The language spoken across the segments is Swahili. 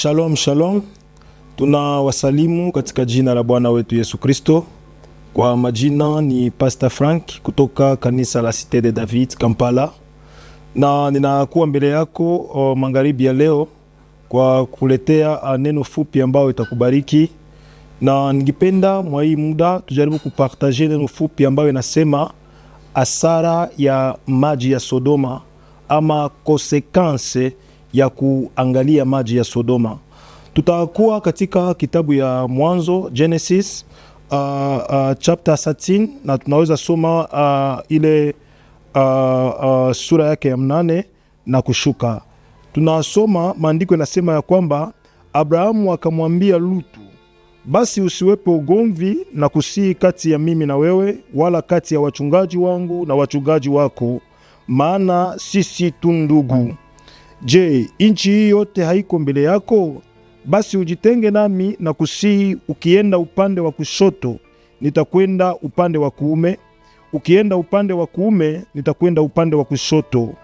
Shalom, shalom. Tuna wasalimu katika jina la Bwana wetu Yesu Kristo. Kwa majina ni Pastor Frank kutoka kanisa la Cité de David Kampala, na ninakuwa mbele yako magharibi ya leo kwa kuletea neno fupi ambayo itakubariki, na ningependa mwa hii muda tujaribu kupartaje neno fupi ambayo inasema asara ya maji ya Sodoma ama konsekanse ya kuangalia maji ya Sodoma. Tutakuwa katika kitabu ya Mwanzo Genesis uh, uh, chapter 13 na tunaweza soma uh, ile uh, uh, sura yake ya mnane na kushuka. Tunasoma maandiko yanasema ya kwamba Abrahamu akamwambia Lutu, basi usiwepo ugomvi na kusii kati ya mimi na wewe, wala kati ya wachungaji wangu na wachungaji wako, maana sisi tu ndugu. Je, inchi hii yote haiko mbele yako? Basi ujitenge nami na kusihi, ukienda upande wa kushoto nitakwenda upande wa kuume, ukienda upande wa kuume nitakwenda upande wa kushoto.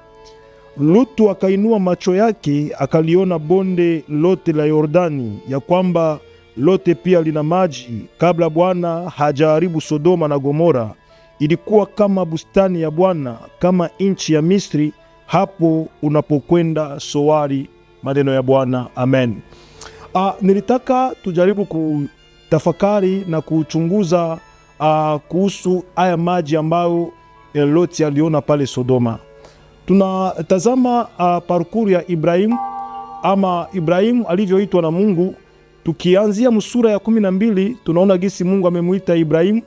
Lutu akainua macho yake akaliona bonde lote la Yordani, ya kwamba lote pia lina maji. Kabla Bwana hajaharibu Sodoma na Gomora, ilikuwa kama bustani ya Bwana, kama inchi ya Misri hapo unapokwenda sowari maneno ya Bwana. Amen. A, ah, nilitaka tujaribu kutafakari na kuchunguza ah, kuhusu haya maji ambayo Loti aliona pale Sodoma. Tunatazama ah, parkuru ya Ibrahimu ama Ibrahimu alivyoitwa na Mungu. Tukianzia msura ya kumi na mbili tunaona gisi Mungu amemwita Ibrahimu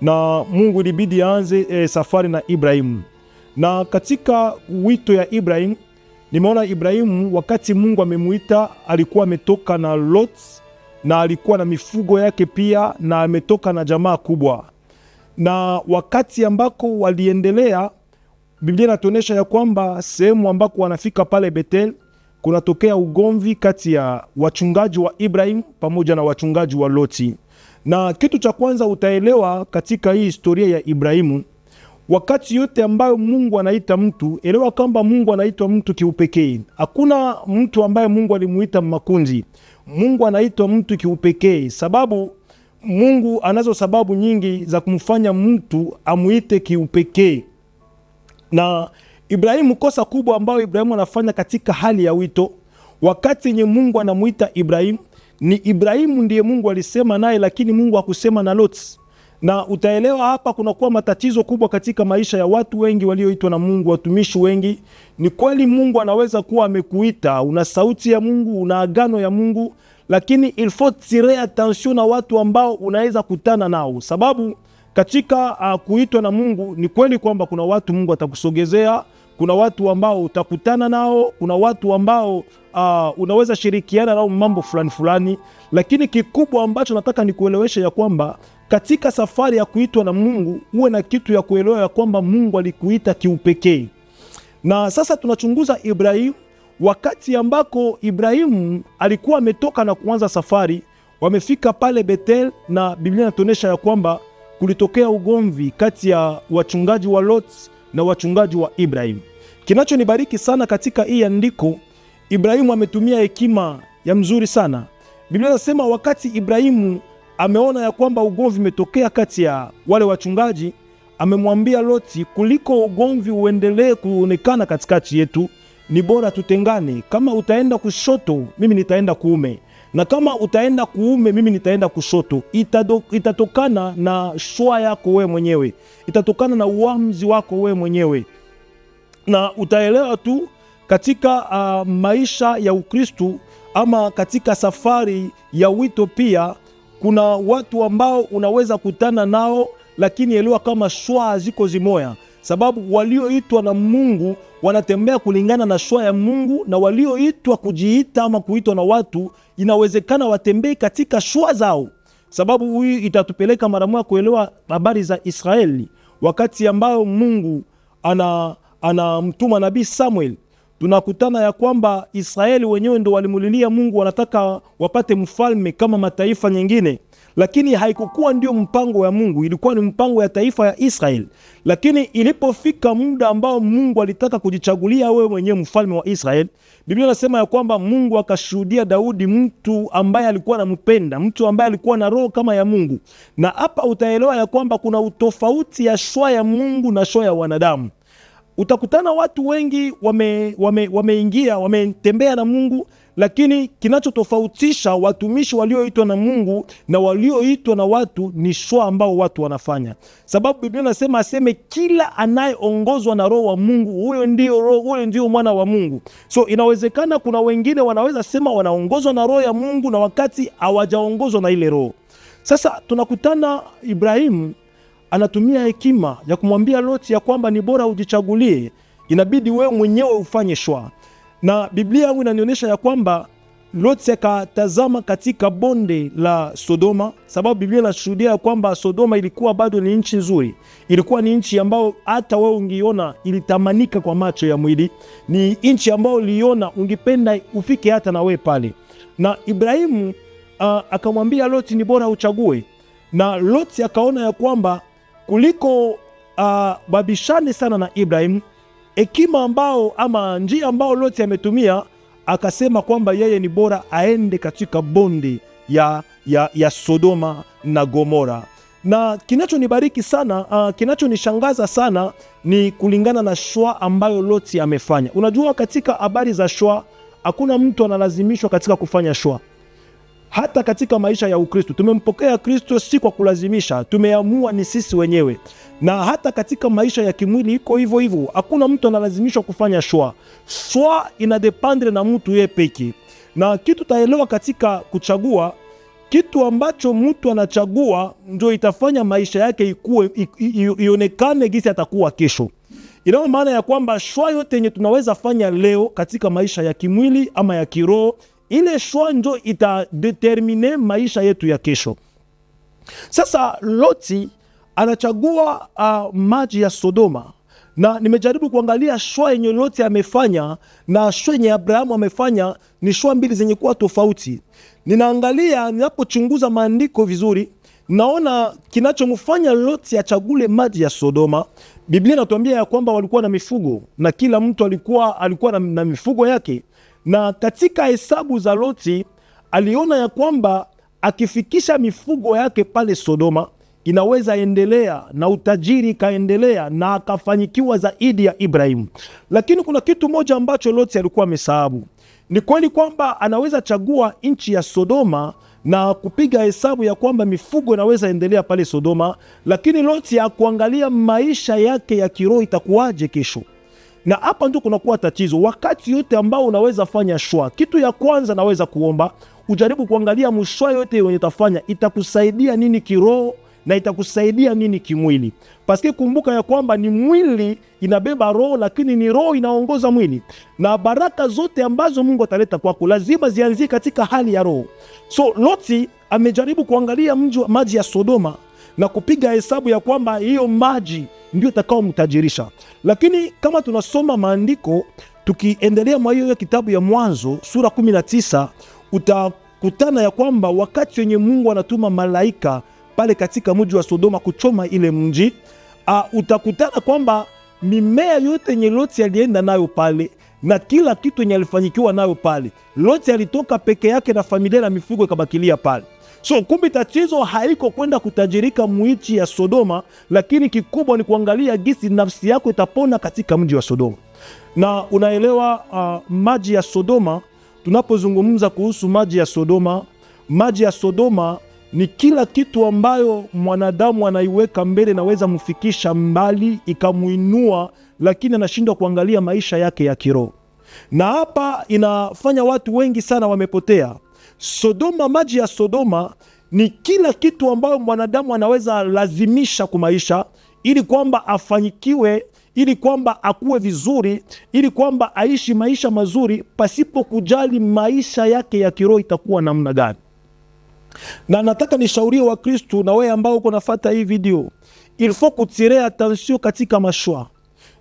na Mungu ilibidi aanze e, safari na Ibrahimu. Na katika wito ya Ibrahim nimeona Ibrahimu wakati Mungu amemuita alikuwa ametoka na Lot na alikuwa na mifugo yake pia, na ametoka na jamaa kubwa. Na wakati ambako waliendelea, Biblia inatuonyesha ya kwamba sehemu ambako wanafika pale Betel kunatokea ugomvi kati ya wachungaji wa Ibrahim pamoja na wachungaji wa Loti. Na kitu cha kwanza utaelewa katika hii historia ya Ibrahimu Wakati yote ambayo Mungu anaita mtu, elewa kwamba Mungu anaitwa mtu kiupekee. Hakuna mtu ambaye Mungu alimuita makunzi. Mungu anaitwa mtu kiupekee, sababu Mungu anazo sababu nyingi za kumfanya mtu amuite kiupekee. Na Ibrahimu, kosa kubwa ambayo Ibrahimu anafanya katika hali ya wito, wakati yenye Mungu anamuita Ibrahimu, ni Ibrahimu ndiye Mungu alisema naye, lakini Mungu hakusema na Loti na utaelewa hapa kunakuwa matatizo kubwa katika maisha ya watu wengi walioitwa na Mungu, watumishi wengi. Ni kweli Mungu anaweza kuwa amekuita, una sauti ya Mungu, una agano ya Mungu, lakini il faut tirer attention na watu ambao unaweza kutana nao, sababu katika uh, kuitwa na Mungu ni kweli kwamba kuna watu Mungu atakusogezea kuna watu ambao utakutana nao, kuna watu ambao uh, unaweza shirikiana nao mambo fulani fulani, lakini kikubwa ambacho nataka nikueleweshe ya kwamba katika safari ya kuitwa na Mungu uwe na kitu ya kuelewa ya kwamba Mungu alikuita kiupekee. Na sasa tunachunguza Ibrahimu, wakati ambako Ibrahimu alikuwa ametoka na kuanza safari, wamefika pale Betel na Biblia inatuonyesha ya kwamba kulitokea ugomvi kati ya wachungaji wa Lot na wachungaji wa Ibrahimu. Kinachonibariki sana katika hii andiko, Ibrahimu ametumia hekima ya mzuri sana. Biblia inasema wakati Ibrahimu ameona ya kwamba ugomvi umetokea kati ya wale wachungaji, amemwambia Loti, kuliko ugomvi uendelee kuonekana katikati yetu, ni bora tutengane. Kama utaenda kushoto, mimi nitaenda kuume, na kama utaenda kuume, mimi nitaenda kushoto. Itado, itatokana na shwa yako wewe mwenyewe, itatokana na uamuzi wako wewe mwenyewe na utaelewa tu katika uh, maisha ya Ukristu ama katika safari ya wito pia kuna watu ambao unaweza kutana nao, lakini elewa kama shwa ziko zimoya, sababu walioitwa na Mungu wanatembea kulingana na shwa ya Mungu, na walioitwa kujiita ama kuitwa na watu inawezekana watembee katika shwa zao, sababu huyu itatupeleka mara moja kuelewa habari za Israeli wakati ambao Mungu ana anamtuma nabii Samuel, tunakutana ya kwamba Israeli wenyewe ndo walimulilia Mungu, wanataka wapate mfalme kama mataifa nyingine, lakini haikukuwa ndio mpango ya Mungu, ilikuwa ni mpango ya taifa ya Israeli. Lakini ilipofika muda ambao Mungu alitaka kujichagulia wewe mwenyewe mfalme wa Israeli, Biblia inasema ya kwamba Mungu akashuhudia Daudi, mtu ambaye alikuwa anampenda, mtu ambaye alikuwa na roho kama ya Mungu. Na hapa utaelewa ya kwamba kuna utofauti ya shwa ya Mungu na shwa ya wanadamu utakutana watu wengi wameingia wame, wame wametembea na Mungu, lakini kinachotofautisha watumishi walioitwa na Mungu na walioitwa na watu ni shwa ambao watu wanafanya, sababu Biblia nasema aseme kila anayeongozwa na Roho wa Mungu huyo ndio roho, huyo ndio mwana wa Mungu. So inawezekana kuna wengine wanaweza sema wanaongozwa na Roho ya Mungu na wakati hawajaongozwa na ile roho. Sasa tunakutana Ibrahimu anatumia hekima ya kumwambia Loti ya kwamba ni bora ujichagulie, inabidi wewe mwenyewe ufanye shwa. Na Biblia yangu inanionyesha ya kwamba Loti akatazama katika bonde la Sodoma, sababu Biblia inashuhudia ya kwamba Sodoma ilikuwa bado ni nchi nzuri, ilikuwa ni nchi ambayo hata wewe ungiona ilitamanika kwa macho ya mwili, ni nchi ambayo uliona ungependa ufike hata na wewe pale. Na Ibrahimu uh, akamwambia Loti ni bora uchague, na Loti akaona ya kwamba kuliko uh, babishane sana na Ibrahim hekima ambao ama njia ambao Loti ametumia akasema kwamba yeye ni bora aende katika bonde ya, ya, ya Sodoma na Gomora. Na kinachonibariki sana uh, kinachonishangaza sana ni kulingana na shwa ambayo Loti amefanya. Unajua, katika habari za shwa hakuna mtu analazimishwa katika kufanya shwa hata katika maisha ya Ukristo tumempokea Kristo si kwa kulazimisha, tumeamua ni sisi wenyewe. Na hata katika maisha ya kimwili iko hivyo hivyo, hakuna mtu analazimishwa kufanya shwa shwa, dependre na mtu yeye peke. Na kitu taelewa katika kuchagua kitu ambacho mtu anachagua ndio itafanya maisha yake ikue ionekane gisi atakuwa kesho. Inayo maana ya kwamba shwa yote yenye tunaweza fanya leo katika maisha ya kimwili ama ya kiroho ile shwa njo itadetermine maisha yetu ya kesho. Sasa Loti anachagua uh, maji ya Sodoma na nimejaribu kuangalia shwa yenye Loti amefanya na shwa yenye Abrahamu amefanya ni shwa mbili zenye kuwa tofauti. Ninaangalia, ninapochunguza maandiko vizuri, naona kinachomfanya Loti achagule maji ya Sodoma, Biblia inatuambia ya kwamba walikuwa na mifugo na kila mtu alikuwa, alikuwa na, na mifugo yake na katika hesabu za Loti aliona ya kwamba akifikisha mifugo yake pale Sodoma inaweza endelea na utajiri ikaendelea na akafanyikiwa zaidi ya Ibrahimu. Lakini kuna kitu moja ambacho Loti alikuwa amesahabu. Ni kweli kwamba anaweza chagua nchi ya Sodoma na kupiga hesabu ya kwamba mifugo inaweza endelea pale Sodoma, lakini Loti hakuangalia maisha yake ya kiroho itakuwaje kesho na hapa ndio kunakuwa tatizo. Wakati yote ambao unaweza fanya shwa, kitu ya kwanza naweza kuomba ujaribu kuangalia mshwa yote yenye utafanya itakusaidia nini kiroho na itakusaidia nini kimwili, paske kumbuka ya kwamba ni mwili inabeba roho, lakini ni roho inaongoza mwili, na baraka zote ambazo Mungu ataleta kwako lazima zianzie katika hali ya roho. So Loti amejaribu kuangalia mji wa maji ya Sodoma na kupiga hesabu ya kwamba hiyo maji ndio itakaomtajirisha. Lakini kama tunasoma maandiko tukiendelea mwa hiyo kitabu ya Mwanzo sura 19 utakutana ya kwamba wakati wenye Mungu anatuma malaika pale katika mji wa Sodoma kuchoma ile mji uh, utakutana kwamba mimea yote yenye Loti alienda nayo pale na kila kitu yenye alifanyikiwa nayo pale, Loti alitoka peke yake na familia na mifugo ikabakilia pale. So kumbi tatizo haiko kwenda kutajirika mwichi ya Sodoma, lakini kikubwa ni kuangalia gisi nafsi yako itapona katika mji wa Sodoma. Na unaelewa uh, maji ya Sodoma, tunapozungumza kuhusu maji ya Sodoma, maji ya Sodoma ni kila kitu ambayo mwanadamu anaiweka mbele, naweza mfikisha mbali ikamuinua, lakini anashindwa kuangalia maisha yake ya kiroho, na hapa inafanya watu wengi sana wamepotea. Sodoma, maji ya Sodoma ni kila kitu ambayo mwanadamu anaweza lazimisha kumaisha ili kwamba afanyikiwe, ili kwamba akuwe vizuri, ili kwamba aishi maisha mazuri, pasipo kujali maisha yake ya kiroho itakuwa namna gani. Na nataka nishaurie Wakristu na wewe ambao uko nafuata hii video, il faut kutirer attention katika mashua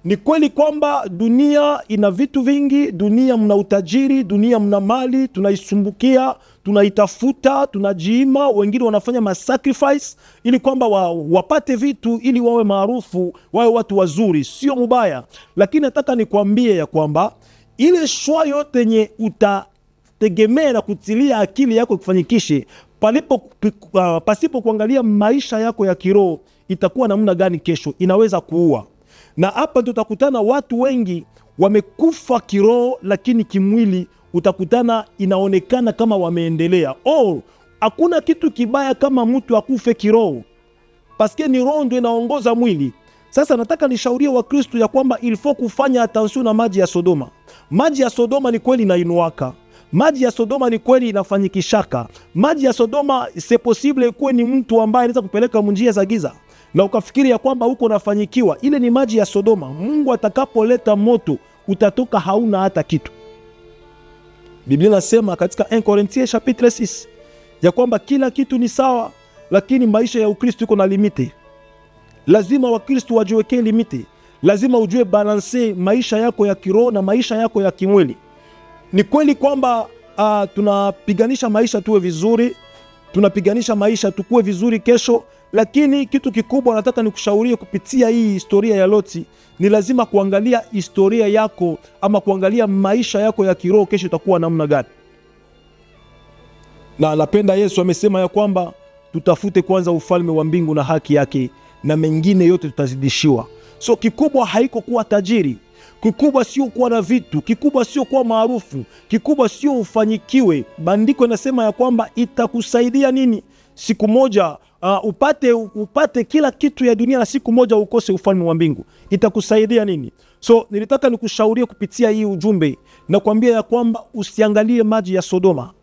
ni kweli kwamba dunia ina vitu vingi, dunia mna utajiri, dunia mna mali, tunaisumbukia, tunaitafuta, tunajiima. Wengine wanafanya masacrifice ili kwamba wa, wapate vitu ili wawe maarufu, wawe watu wazuri, sio mubaya, lakini nataka nikwambie ya kwamba ile shwa yote yenye utategemea na kutilia akili yako kufanyikishe palipo uh, pasipo kuangalia maisha yako ya kiroho, itakuwa namna gani kesho, inaweza kuua na hapa ndio utakutana watu wengi wamekufa kiroho, lakini kimwili utakutana inaonekana kama wameendelea. Oh, hakuna kitu kibaya kama mtu akufe kiroho, paske ni roho ndio inaongoza mwili. Sasa nataka nishaurie Wakristo ya kwamba ilifo kufanya atansio na maji ya Sodoma. Maji ya Sodoma ni kweli inainuaka maji ya Sodoma ni kweli inafanyikishaka. Maji ya Sodoma se posible kuwe ni mtu ambaye anaweza kupeleka munjia za giza na ukafikiri ya kwamba huko unafanyikiwa. Ile ni maji ya Sodoma. Mungu atakapoleta moto utatoka hauna hata kitu. Biblia nasema katika 1 Korinthie chapitre 6 ya kwamba kila kitu ni sawa, lakini maisha ya Ukristo iko na limite. Lazima Wakristo wajiwekee limite, lazima ujue balanse maisha yako ya kiroho na maisha yako ya kimwili. Ni kweli kwamba uh, tunapiganisha maisha tuwe vizuri tunapiganisha maisha tukue vizuri kesho, lakini kitu kikubwa nataka nikushaurie kupitia hii historia ya Loti, ni lazima kuangalia historia yako ama kuangalia maisha yako ya kiroho, kesho itakuwa namna gani. Na napenda Yesu amesema ya kwamba tutafute kwanza ufalme wa mbingu na haki yake, na mengine yote tutazidishiwa. So kikubwa haiko kuwa tajiri Kikubwa sio kuwa na vitu, kikubwa sio kuwa maarufu, kikubwa sio ufanyikiwe. Bandiko inasema ya kwamba itakusaidia nini siku moja uh, upate, upate kila kitu ya dunia na siku moja ukose ufalme wa mbingu, itakusaidia nini? So nilitaka nikushaurie kupitia hii ujumbe na kuambia ya kwamba usiangalie maji ya Sodoma.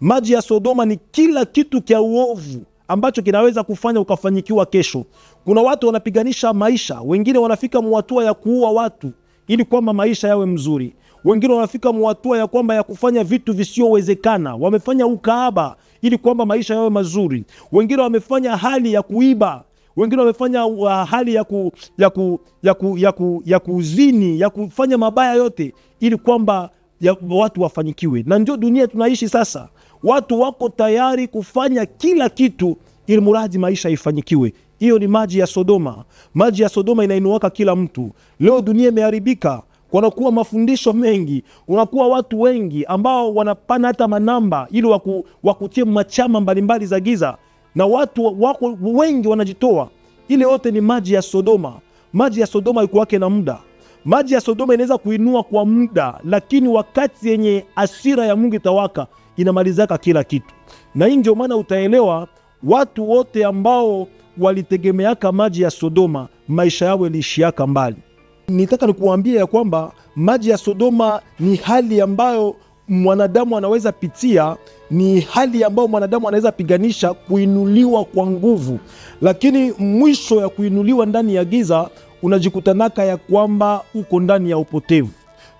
Maji ya Sodoma ni kila kitu kya uovu ambacho kinaweza kufanya ukafanyikiwa kesho. Kuna watu wanapiganisha maisha, wengine wanafika mwatua ya kuua watu ili kwamba maisha yawe mzuri. Wengine wanafika mwatua ya kwamba ya kufanya vitu visiyowezekana, wamefanya ukaaba ili kwamba maisha yawe mazuri. Wengine wamefanya hali ya kuiba wengine wamefanya uh, hali ya, ku, ya, ku, ya, ku, ya, ku, ya kuzini ya kufanya mabaya yote ili kwamba ya, watu wafanyikiwe. Na ndio dunia tunaishi sasa, watu wako tayari kufanya kila kitu ili mradi maisha ifanyikiwe hiyo ni maji ya Sodoma. Maji ya Sodoma inainuaka kila mtu. Leo dunia imeharibika, wanakuwa mafundisho mengi, unakuwa watu wengi ambao wanapana hata manamba ili waku, wakutie machama mbalimbali za giza, na watu wako wengi wanajitoa. Ile yote ni maji ya Sodoma. Maji ya Sodoma ikuwake na muda maji ya Sodoma inaweza kuinua kwa muda, lakini wakati yenye asira ya Mungu itawaka inamalizaka kila kitu, na hii ndio maana utaelewa watu wote ambao walitegemeaka maji ya Sodoma, maisha yao yaliishiaka mbali. Nitaka nikuambia ya kwamba maji ya Sodoma ni hali ambayo mwanadamu anaweza pitia, ni hali ambayo mwanadamu anaweza piganisha kuinuliwa kwa nguvu, lakini mwisho ya kuinuliwa ndani ya giza unajikutanaka ya kwamba uko ndani ya upotevu.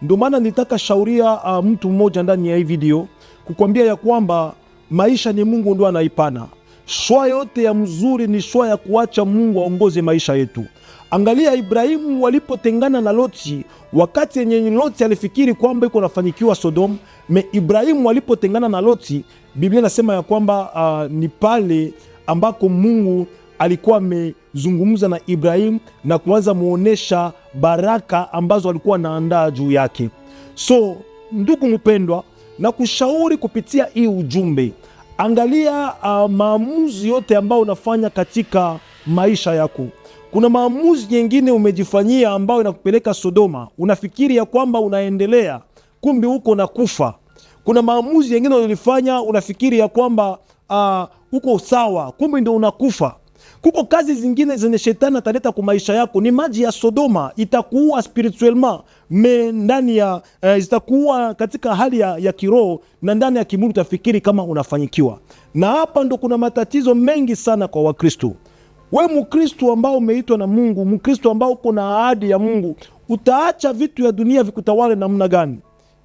Ndio maana nitaka shauria uh, mtu mmoja ndani ya hii video kukwambia ya kwamba maisha ni Mungu ndio anaipana. Shwa yote ya mzuri ni shwa ya kuacha Mungu aongoze maisha yetu. Angalia Ibrahimu walipotengana na Loti, wakati yenye Loti alifikiri kwamba iko nafanikiwa Sodom, me Ibrahimu walipotengana na Loti, Biblia nasema ya kwamba uh, ni pale ambako Mungu alikuwa amezungumza na Ibrahimu na kuanza muonesha baraka ambazo alikuwa anaandaa juu yake. So ndugu mpendwa, na kushauri kupitia hii ujumbe angalia uh, maamuzi yote ambayo unafanya katika maisha yako. Kuna maamuzi nyingine umejifanyia ambayo inakupeleka Sodoma, unafikiri ya kwamba unaendelea, kumbe huko na kufa. Kuna maamuzi yengine ulifanya unafikiri ya kwamba uh, uko sawa, kumbe ndio unakufa. Kuko kazi zingine zenye shetani ataleta kwa maisha yako, ni maji ya Sodoma, itakuua spirituellement me ndani ya eh, zitakuwa katika hali ya, ya kiroho na ndani ya kimwili utafikiri kama unafanyikiwa. Na hapa ndo kuna matatizo mengi sana kwa Wakristo. We Mkristo ambao umeitwa na Mungu, Mkristo ambao uko na ahadi ya Mungu, utaacha vitu ya dunia vikutawale namna gani?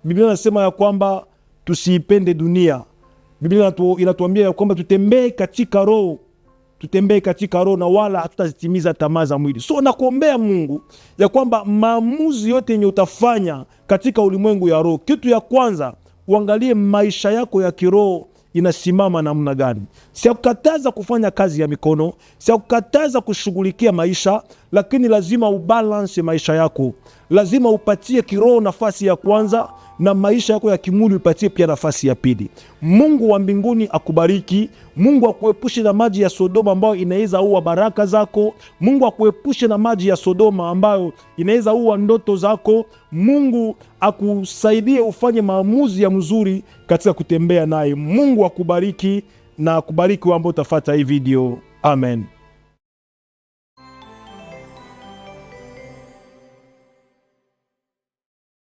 Biblia inasema ya kwamba tusiipende dunia. Biblia inatuambia ya kwamba tutembee katika roho tutembee katika roho na wala hatutazitimiza tamaa za mwili. So nakuombea Mungu ya kwamba maamuzi yote yenye utafanya katika ulimwengu ya roho, kitu ya kwanza uangalie maisha yako ya kiroho inasimama namna gani. Siakukataza kufanya kazi ya mikono, siakukataza kushughulikia maisha, lakini lazima ubalanse maisha yako, lazima upatie kiroho nafasi ya kwanza na maisha yako ya kimwili upatie pia nafasi ya pili. Mungu wa mbinguni akubariki. Mungu akuepushe na maji ya Sodoma ambayo inaweza ua baraka zako. Mungu akuepushe na maji ya Sodoma ambayo inaweza ua ndoto zako. Mungu akusaidie ufanye maamuzi ya mzuri katika kutembea naye. Mungu akubariki na akubariki wambo utafata hii video. Amen.